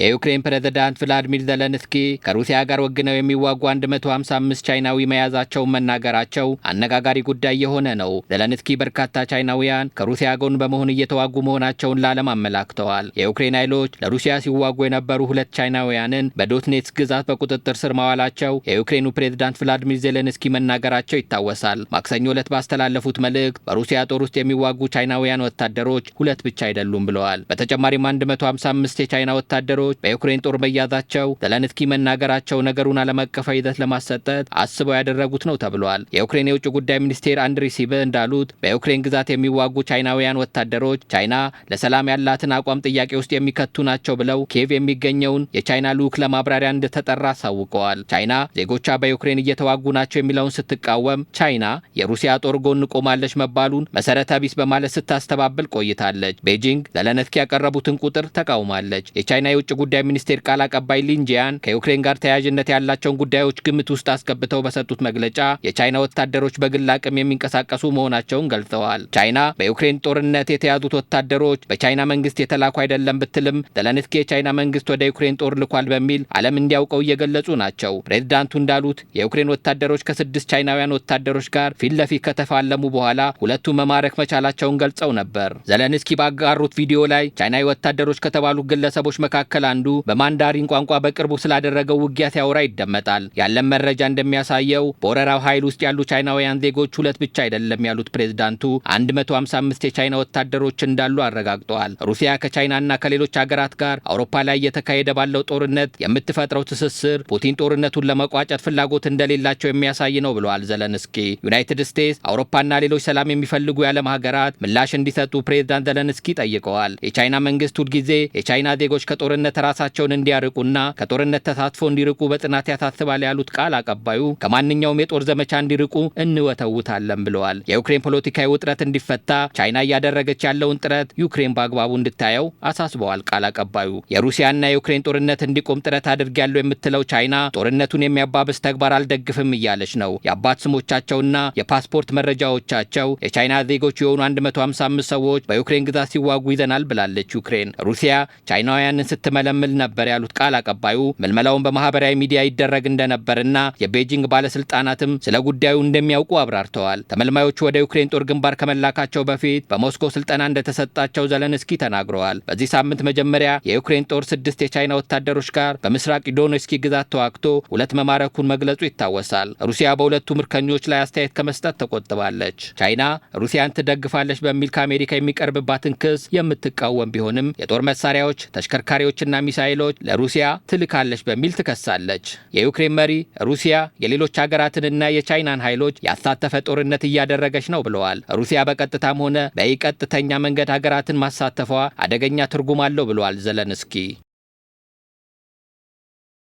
የዩክሬን ፕሬዝዳንት ቭላዲሚር ዘለንስኪ ከሩሲያ ጋር ወግነው የሚዋጉ 155 ቻይናዊ መያዛቸውን መናገራቸው አነጋጋሪ ጉዳይ የሆነ ነው። ዘለንስኪ በርካታ ቻይናውያን ከሩሲያ ጎን በመሆን እየተዋጉ መሆናቸውን ለዓለም አመላክተዋል። የዩክሬን ኃይሎች ለሩሲያ ሲዋጉ የነበሩ ሁለት ቻይናውያንን በዶትኔትስ ግዛት በቁጥጥር ስር ማዋላቸው የዩክሬኑ ፕሬዝዳንት ቭላዲሚር ዜሌንስኪ መናገራቸው ይታወሳል። ማክሰኞ ዕለት ባስተላለፉት መልእክት በሩሲያ ጦር ውስጥ የሚዋጉ ቻይናውያን ወታደሮች ሁለት ብቻ አይደሉም ብለዋል። በተጨማሪም 155 የቻይና ወታደሮች ወታደሮች በዩክሬን ጦር መያዛቸው ዘለንስኪ መናገራቸው ነገሩን ዓለም አቀፍ ይዘት ለማሰጠት አስበው ያደረጉት ነው ተብሏል። የዩክሬን የውጭ ጉዳይ ሚኒስቴር አንድሪ ሲብ እንዳሉት በዩክሬን ግዛት የሚዋጉ ቻይናውያን ወታደሮች ቻይና ለሰላም ያላትን አቋም ጥያቄ ውስጥ የሚከቱ ናቸው ብለው ኬቭ የሚገኘውን የቻይና ልዑክ ለማብራሪያ እንደተጠራ አሳውቀዋል። ቻይና ዜጎቿ በዩክሬን እየተዋጉ ናቸው የሚለውን ስትቃወም ቻይና የሩሲያ ጦር ጎን ቆማለች መባሉን መሰረተ ቢስ በማለት ስታስተባብል ቆይታለች። ቤጂንግ ዘለንስኪ ያቀረቡትን ቁጥር ተቃውማለች። የቻይና የውጭ ጉዳይ ሚኒስቴር ቃል አቀባይ ሊንጂያን ከዩክሬን ጋር ተያያዥነት ያላቸውን ጉዳዮች ግምት ውስጥ አስገብተው በሰጡት መግለጫ የቻይና ወታደሮች በግል አቅም የሚንቀሳቀሱ መሆናቸውን ገልጸዋል። ቻይና በዩክሬን ጦርነት የተያዙት ወታደሮች በቻይና መንግስት የተላኩ አይደለም ብትልም ዘለንስኪ የቻይና መንግስት ወደ ዩክሬን ጦር ልኳል በሚል ዓለም እንዲያውቀው እየገለጹ ናቸው። ፕሬዚዳንቱ እንዳሉት የዩክሬን ወታደሮች ከስድስት ቻይናውያን ወታደሮች ጋር ፊት ለፊት ከተፋለሙ በኋላ ሁለቱ መማረክ መቻላቸውን ገልጸው ነበር። ዘለንስኪ ባጋሩት ቪዲዮ ላይ ቻይናዊ ወታደሮች ከተባሉት ግለሰቦች መካከል መካከል አንዱ በማንዳሪን ቋንቋ በቅርቡ ስላደረገው ውጊያ ሲያወራ ይደመጣል። ያለን መረጃ እንደሚያሳየው በወረራው ኃይል ውስጥ ያሉ ቻይናውያን ዜጎች ሁለት ብቻ አይደለም ያሉት ፕሬዝዳንቱ 155 የቻይና ወታደሮች እንዳሉ አረጋግጠዋል። ሩሲያ ከቻይናና ከሌሎች ሀገራት ጋር አውሮፓ ላይ እየተካሄደ ባለው ጦርነት የምትፈጥረው ትስስር ፑቲን ጦርነቱን ለመቋጨት ፍላጎት እንደሌላቸው የሚያሳይ ነው ብለዋል ዘለንስኪ። ዩናይትድ ስቴትስ፣ አውሮፓና ሌሎች ሰላም የሚፈልጉ የዓለም ሀገራት ምላሽ እንዲሰጡ ፕሬዝዳንት ዘለንስኪ ጠይቀዋል። የቻይና መንግስት ሁልጊዜ የቻይና ዜጎች ከጦርነት ጦርነት ራሳቸውን እንዲያርቁና ከጦርነት ተሳትፎ እንዲርቁ በጽናት ያሳስባል ያሉት ቃል አቀባዩ ከማንኛውም የጦር ዘመቻ እንዲርቁ እንወተውታለን ብለዋል። የዩክሬን ፖለቲካዊ ውጥረት እንዲፈታ ቻይና እያደረገች ያለውን ጥረት ዩክሬን በአግባቡ እንድታየው አሳስበዋል። ቃል አቀባዩ የሩሲያና የዩክሬን ጦርነት እንዲቆም ጥረት አድርጊያለሁ የምትለው ቻይና ጦርነቱን የሚያባብስ ተግባር አልደግፍም እያለች ነው። የአባት ስሞቻቸውና የፓስፖርት መረጃዎቻቸው የቻይና ዜጎች የሆኑ 155 ሰዎች በዩክሬን ግዛት ሲዋጉ ይዘናል ብላለች። ዩክሬን ሩሲያ ቻይናውያንን ስት ስትመለምል ነበር ያሉት ቃል አቀባዩ ምልመላውን በማህበራዊ ሚዲያ ይደረግ እንደነበርና የቤጂንግ ባለስልጣናትም ስለ ጉዳዩ እንደሚያውቁ አብራርተዋል። ተመልማዮቹ ወደ ዩክሬን ጦር ግንባር ከመላካቸው በፊት በሞስኮ ስልጠና እንደተሰጣቸው ዘለንስኪ ተናግረዋል። በዚህ ሳምንት መጀመሪያ የዩክሬን ጦር ስድስት የቻይና ወታደሮች ጋር በምስራቅ ዶኔስኪ ግዛት ተዋግቶ ሁለት መማረኩን መግለጹ ይታወሳል። ሩሲያ በሁለቱ ምርኮኞች ላይ አስተያየት ከመስጠት ተቆጥባለች። ቻይና ሩሲያን ትደግፋለች በሚል ከአሜሪካ የሚቀርብባትን ክስ የምትቃወም ቢሆንም የጦር መሳሪያዎች፣ ተሽከርካሪዎች ድሮኖችና ሚሳይሎች ለሩሲያ ትልካለች በሚል ትከሳለች። የዩክሬን መሪ ሩሲያ የሌሎች ሀገራትንና የቻይናን ኃይሎች ያሳተፈ ጦርነት እያደረገች ነው ብለዋል። ሩሲያ በቀጥታም ሆነ በይቀጥተኛ መንገድ ሀገራትን ማሳተፏ አደገኛ ትርጉም አለው ብለዋል ዘለንስኪ።